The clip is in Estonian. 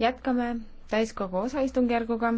jätkame täiskogu osaistungjärguga.